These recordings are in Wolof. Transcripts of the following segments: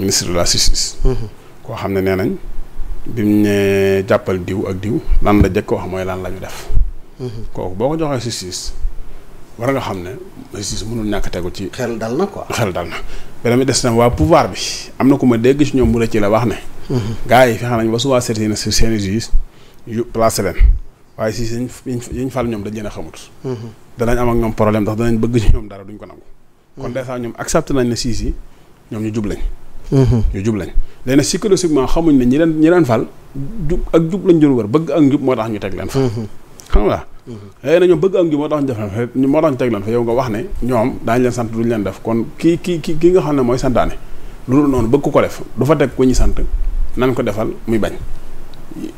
ministre de la justice. Mhm. koo xam ne nee nañ bi mu ne jàppal diw ak diw lan la jëkk wax mooy lan la ñu def. Mhm. kooku boo ko joxee justice war nga xam ne justice mënul ñàkk ko ci. xel dal na ko xel dal na. beneen bi des na waa pouvoir bi am na ku ma dégg ci ñoom mu rëcc la wax ne. Mhm. gars yi fexe nañ ba souvent seeti na si seen juge yu placé leen waaye si yi ñu fal ñoom dañ leen a xamut. danañ am ak ñoom problème ndax danañ bëgg ci ñoom dara duñ ko nangu. kon des ñoom accepté nañ ne siis yi ñoom ñu jub Mm-hmm. ñu jub lañ léegi nag psychologiquement xamuñ ne ñi leen ñi leen fal jub ak jub lañ jël wër bëgg ak njub moo tax ñu teg leen fa mm-hmm. xam nga mm-hmm. léegi bëgg ak njub moo ñu def leen fa moo tax ñu teg leen fa yow nga wax ne ñoom daañu leen sant duñu leen def kon kii kii kii ki nga xam ne mooy santaane loolu noonu bëgg ku ko def du fa teg ku ñu sant nan ko defal muy bañ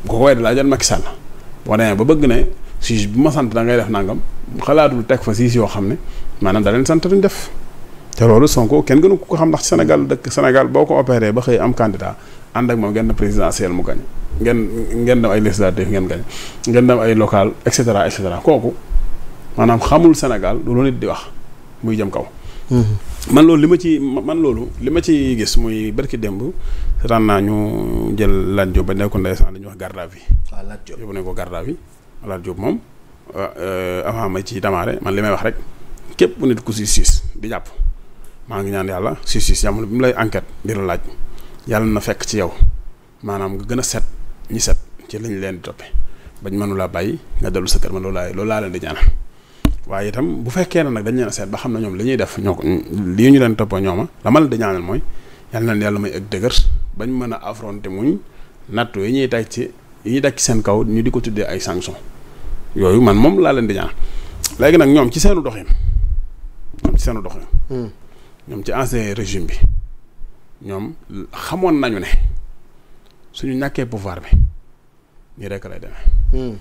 ko ko weddi laa jot Macky Sall boo demee ba bëgg ne si bu ma sant da ngay def nangam xalaatul teg fa siis yoo xam ne maanaam daleen leen sant duñ def te loolu Sonko kenn gënu ko xam ndax Sénégal dëkk Sénégal boo ko opéré ba xëy am candidat ànd ak moom ngeen présidentiel mu gañ ngeen ngeen dem ay législative ngeen gañ ngeen dem ay local et cetera et kooku maanaam xamul Sénégal loolu nit di wax muy jëm kaw. Mm-hmm. man loolu li ma ci man loolu li ma ci gis muy barki démb seetaan naa ñu jël Lat Diop ba nekkoon ndeysaan li ñuy wax garde à vue. waaw ah, Lat Diop yóbbu ko garde à vue Lat Diop moom euh, euh, avant ma ci damaare man li may wax rek képp nit ku si siis di jàpp. maa ngi ñaan yàlla si si jamono bi mu lay enquête ngir laaj yàlla na fekk ci yow maanaam nga gën a set ñi set ci lañu leen di toppee bañ mënula bàyyi nga dellu sa kër ma loolu laa loolu laa leen di ñaanal waaye itam bu fekkee ne nag dañ leen a seet ba xam na ñoom li ñuy def ñoo ko lii ñu leen toppoo ñooma la ma leen di ñaanal mooy yàlla na yàlla may ak dëgër bañ mën a affronter muñ nattu yi ñuy daj ci yi ñuy seen kaw ñu di ko tuddee ay sanctions yooyu man moom laa leen di léegi nag ñoom ci seenu doxin ñoom ci seenu doxin hmm. ñoom ci ancien régime bi ñoom xamoon nañu ne suñu ñàkkee pouvoir bi nii rek lay demee. Hmm.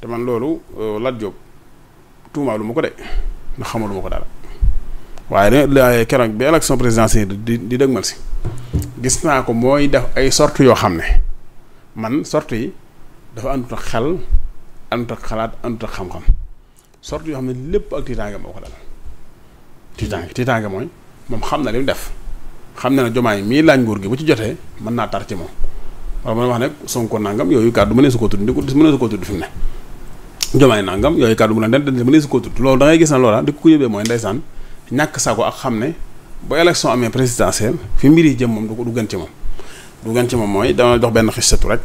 te man loolu euh, Lat Diop tuumaalu ma ko de ndax xamalu ma ko dara waaye da keroog bi élection présidentielle di di dëgmal si gis naa ko mooy def ay sorties yoo xam ne man sorties yi dafa àndut ak xel àndut ak xalaat àndut ak xam-xam sorties yoo xam ne lépp ak tiitaange moo ko dal tiitaange tiitaange mooy. moom xam na li def xam na ne jomaay mii laaj nguur gi bu ci jotee mën naa tar ci moom wala mën wax ne Sonko nangam yooyu kàddu mënee su ko tudd mënee su ko tudd fi yooyu kàddu mu ne den mënee su ko tudd loolu da ngay gis na loola di ko yóbbee mooy ndeysaan ñàkk sago ak xam ne ba élection amee présidentielle fi mbir yi jëm moom du ko du gën ci moom du gën ci moom mooy dama jox benn xistatu rek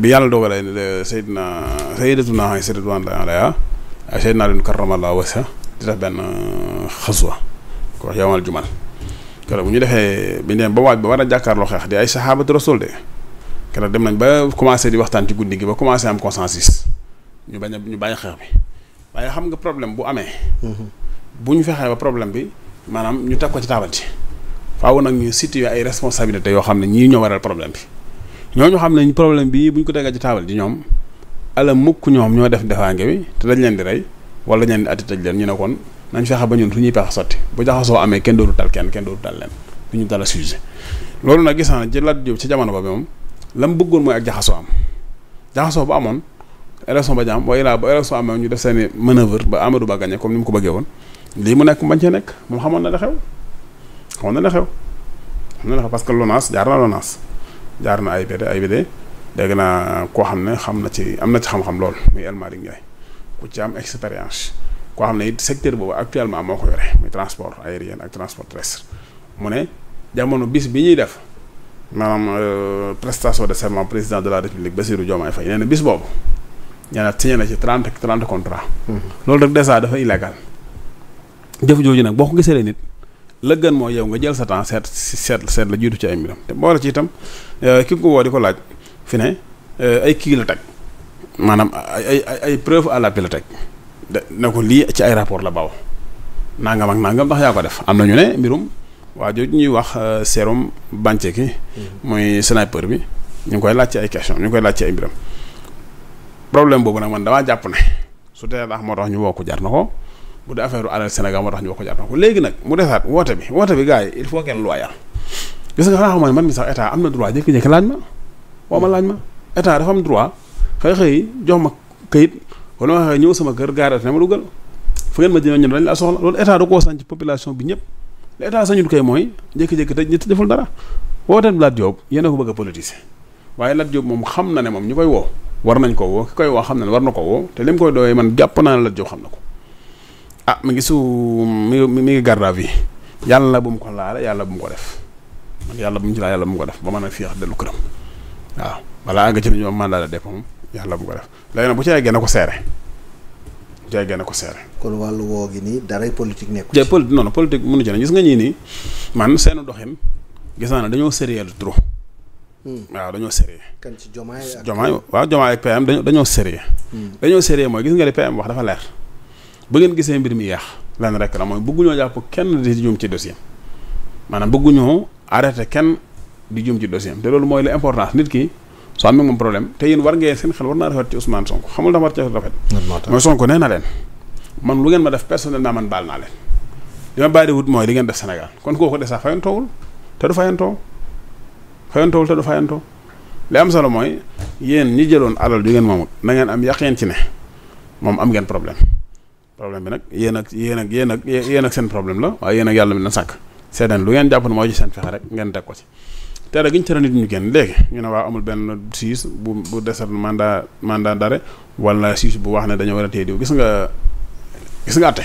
bi yàlla doogalee Seydina Sayyidatuna Aïcha radiyallahu anha Seydina leen karramallahu wajhahu di def benn xaswa ko wax yowmal jumal keroog bu ñu defee bi ñu dem ba waaj ba war a jàkkaarloo xeex di ay saxaabatu rasul de keroog dem nañ ba commencé di waxtaan ci guddi gi ba commencé am consensus ñu bañ a ñu bàyyi xeex bi waaye xam nga problème bu amee. Mhm. bu ñu fexee ba problème bi maanaam ñu teg ko ci taabal ci faaw nag ñu situer ay responsabilités yoo xam ne ñii ñoo waral problème bi ñooñu xam ne problème bii bu ñu ko tegee ci taabal ji ñoom ala mukk ñoom ñoo def defaange bi te dañ leen di rey. wala ñaan ati tëj leen ñu ne kon nañ fexe ba ñun suñuy pexe sotti bu jaxasoo amee kenn dootu tal kenn kenn dootu tal leen duñu dala sujet loolu nag gis naa ci Lat Diop ci jamono ba bi moom la mu bëggoon mooy ak jaxasoo am jaxasoo ba amoon élection ba jaam waaye laa ba élection amee ñu def seeni manœuvre ba Amadou Ba gagné comme ni mu ko bëggee woon lii mu nekk mu bañ cee nekk moom xamoon na la xew xamoon na la xew na la xew parce que Lonaas jaar na Lonaas jaar na AIBD AIBD dégg naa koo xam ne xam na ci am na ci xam lool muy El Malick Ndiaye bu ci am expérience koo xam ne it secteur boobu actuellement moo ko yore muy transport aérien ak transport terrestre mu ne jamono bis bi ñuy def maanaam euh, prestation de serment président de la république Bassirou Diomaye Faye nee na bis boobu nee na signé na ci trente trente contrat mm-hmm. loolu rek dèjà dafa illégal jëf jooju nag boo ko gisee nit la gën mooy yow nga jël sa temps seet seet seet la jiitu ci ay mbiram te boole ci itam euh, ki ko woo di ko laaj fi ne euh, ay kii la teg maanaam ay ay ay preuve à la bibliothèque ne ko lii ci ay rapport la baw nangam ak nangam ndax yaa ko def am na ñu ne mbirum waa jooju ñuy wax sérum bànce ki mooy sniper bi ñu ngi koy laaj ci ay question ñu ngi koy laaj ci ay mbiram problème boobu nag man damaa jàpp ne su dee ndax moo tax ñu woo ko jar na ko bu dee affaire alal Sénégal moo tax ñu woo ko jar na ko léegi nag mu desaat woote bi woote bi gars yi il faut ngeen loyal gis nga xam man mi sax état am na droit jékki-jékki laaj ma woo laaj ma état dafa am droit xëy xëy jox ma kayit wala ma xëy ñëw sama kër gaarate ne ma dugal fu ngeen ma jëmee ñun dañ la soxla loolu état da koo sànc population bi ñëpp li état sañul kay mooy jékki-jékki tëj ñett deful dara wooteen Lat Diop yéen a ko bëgg a politiser waaye Lat Diop moom xam na ne moom ñu koy woo war nañ ko woo ki koy woo xam na ne war na ko woo te li mu koy dooyee man jàpp naa ne Lat Diop xam na ko ah mi ngi su mi mi ngi garde à vue yàlla bu mu ko laale yàlla bu mu ko def man yàlla bu mu ci laal yàlla mu ko def ba man a fiix dellu këram waaw balaa àgg ci ne ñoom mandat de yàlla bu ko def léegi nag bu ci eggee na ko seere bu ci eggee na ko seere. kon wàllu woo gi nii daray politique nekkul. jë poli non non politique mënu ci ne gis nga ñii nii man seenu doxin gis naa ne dañoo sérieux lu trop. Hmm. waaw dañoo sérieux. kan ci Jomaay ak Jomaay waaw Jomaay ak PM dañoo dañoo sérieux. Hmm. dañoo sérieux mooy gis nga li PM wax dafa leer bu ngeen gisee mbir mi yàq lenn rek la mooy bëgguñoo jàpp kenn di jum ci dossier maanaam bëgguñoo arrêté kenn di jum ci dossier te loolu mooy la importance nit ki. soo amee moom problème te yéen war ngeen seen xel war naa rafet ci Ousmane Sonko xamul dafa war ci rafet mooy Sonko nee na leen man lu ngeen ma def personnellement man baal naa leen li ma bàyyi wut mooy li ngeen def Sénégal kon kooku de sax fayantoowul te du fayantoo fayantoowul te du fayantoo li am solo mooy yéen ñi jëloon alal ju ngeen moomut na ngeen am yaqeen ci ne moom am ngeen problème problème bi nag yéen ak yéen ak yéen ak yéen ak seen problème la waaye yéen yàlla mi na sàkk seetaan lu ngeen jàpp ne moo rek ngeen teg ko tere gi ñu tere nit ñu kenn léegi ñu ne waa amul benn siis bu bu desal mandat mandat d'arrêt wala siis bu wax ne dañoo war a téye diw gis nga gis nga àtte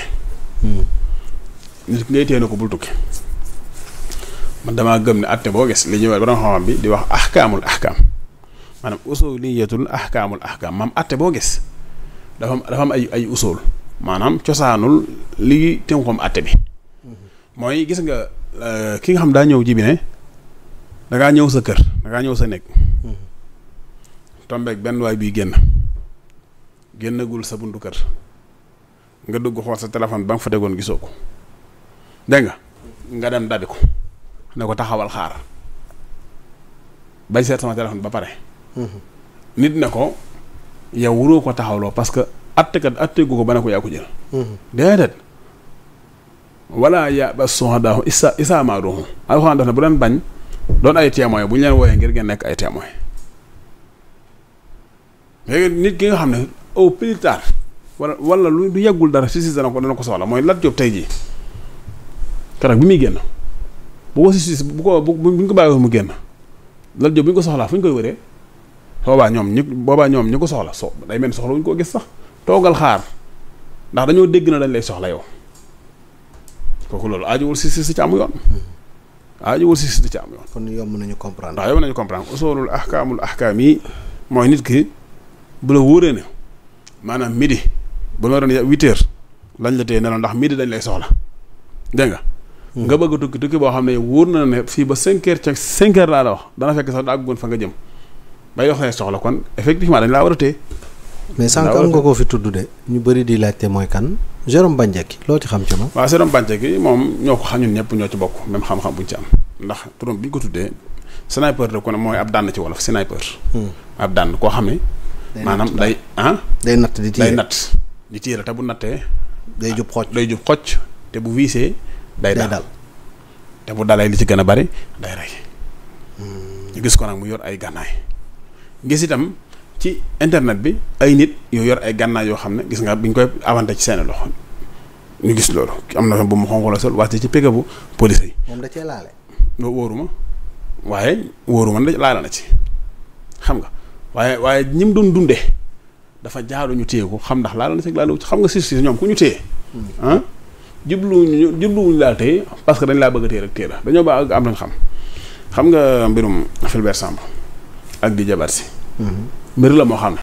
hmm. nit ngay téye ko bul tukki man damaa gëm ne àtte boo gis li ñuy wax borom xam-xam bi di wax ahkaamul ahkaam maanaam usuliyatul ahkaamul ahkaam maam àtte boo gis dafa am dafa am ay ay usul maanaam cosaanul li tënkoom àtte bi hmm. mooy gis nga euh, ki nga xam daa ñëw ji bi ne dangaa ñëw sa kër dangaa ñëw sa nekk. Hmm. tombeek benn waay bii génn génnagul sa buntu kër nga dugg xool sa téléphone ba nga fa tegoon gisoo ko dégg nga nga dem dabi ko ne ko taxawal xaar bañ seet sama téléphone ba pare. Hmm. nit ne ko yow wuroo ko taxawloo parce que attekat attegu ko ba ne ko yaa jël. Hmm. déedéet wala yaa ba soxna daaw isa isa maa doon. alxuraan daf ne bu doon bañ. doon ay témoin bu ñu leen wooyee ngir ngeen nekk ay témoin léegi nit ki nga xam ne au plus walla walla lu du yeggul dara si si dana ko dana ko soxla mooy Lat Diop tey jii keroog bi muy génn bu ko si si bu ko bu ñu ko bàyyiwoon mu génn Lat Diop bu ñu ko soxlaa fu ñu koy wëree boobaa ñoom ñi boobaa ñoom ñi ko soxla so day mel soxla wuñ koo gis sax toogal xaar ndax dañoo dégg na dañ lay soxla yow kooku loolu aajuwul si si si ci yoon. aajowul ah, si si di ci am yoon. kon yomb nañu comprendre. ndax yomb nañu comprendre usoolul ahkaamul ahkaam yi mooy nit ki bu la wóoree ne maanaam midi bu la doon huit heures lañ la téye ne la ndax midi dañ lay soxla dégg nga. Hmm. nga bëgg a tukki tukki boo xam ne wóor na ne fii ba cinq heures ca laa la wax dana fekk sax daa bëggoon fa nga jëm bay wax ne soxla kon effectivement dañ laa war a mais sànq am nga koo fi tudd de ñu bëri di laajte mooy kan. Jérôme Bandiaky loo ci xam ci moom. waaw Jérôme Bandiaky moom ñoo ko xam ñun ñëpp ñoo ci bokk même xam-xam bu ñu ci am ndax turam bi ñu ko tuddee sniper da ko ne mooy ab dànn ci wolof sniper. Hmm. ab dànn koo xam ne. maanaam day ah? day natt di tiire day natt di tiire te bu nattee. day jub xocc day jub xocc te bu wiisee. day dal te bu dalee li ci gën a bari day rey. Hmm. gis ko nag mu yor ay gànnaay gis itam. ci internet bi ay nit yooy yor ay gànnaay yoo xam ne gis nga bi ñu koy avanté ci seen loxo ñu gis loolu am na bu mu xonq la sol wàcce ci pega bu police yi. moom da cee laale. loolu wóoruma waaye wóoruma ne laala na ci xam nga waaye waaye ñi mu doon dundee dafa jaaru ñu téye ko xam ndax laala na ci laala ci xam nga si si ñoom ku ñu téye. Hmm. ah jubluwuñu jubluwuñu laa téye parce que dañ laa bëgg a téye rek téye la dañoo ba am lañ xam xam nga mbirum Fulbert Sambou ak Didier Badji. Hmm. mbir la moo xam ne